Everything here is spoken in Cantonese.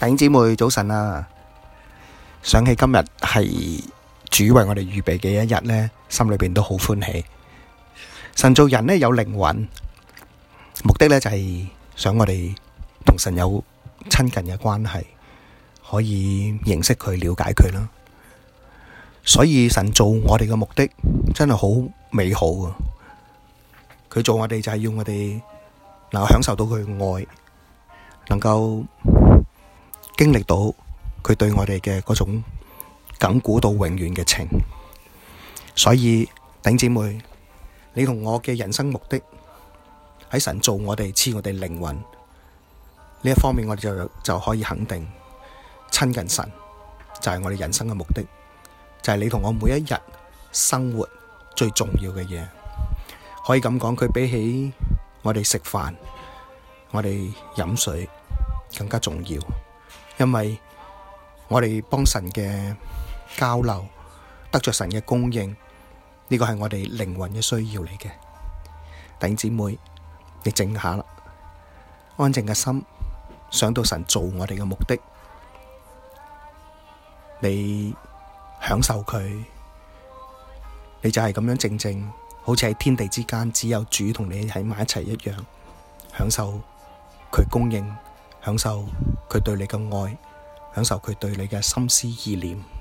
弟兄姊妹早晨啊！想起今日係主為我哋預備嘅一日呢，心裏邊都好歡喜。神造人呢有靈魂，目的呢就係想我哋同神有親近嘅關係，可以認識佢、了解佢啦。所以神造我哋嘅目的真係好美好啊！佢造我哋就係要我哋能享受到佢嘅愛，能夠。經歷到佢對我哋嘅嗰種緊固到永遠嘅情，所以頂姊妹，你同我嘅人生目的喺神造我哋，賜我哋靈魂呢一方面我，我哋就就可以肯定親近神就係我哋人生嘅目的，就係、是、你同我每一日生活最重要嘅嘢，可以咁講，佢比起我哋食飯、我哋飲水更加重要。因為我哋幫神嘅交流，得着神嘅供應，呢個係我哋靈魂嘅需要嚟嘅。弟兄姊妹，你靜下啦，安靜嘅心，想到神造我哋嘅目的，你享受佢，你就係咁樣靜靜，好似喺天地之間只有主同你喺埋一齊一樣，享受佢供應，享受。佢對你嘅愛，享受佢對你嘅心思意念。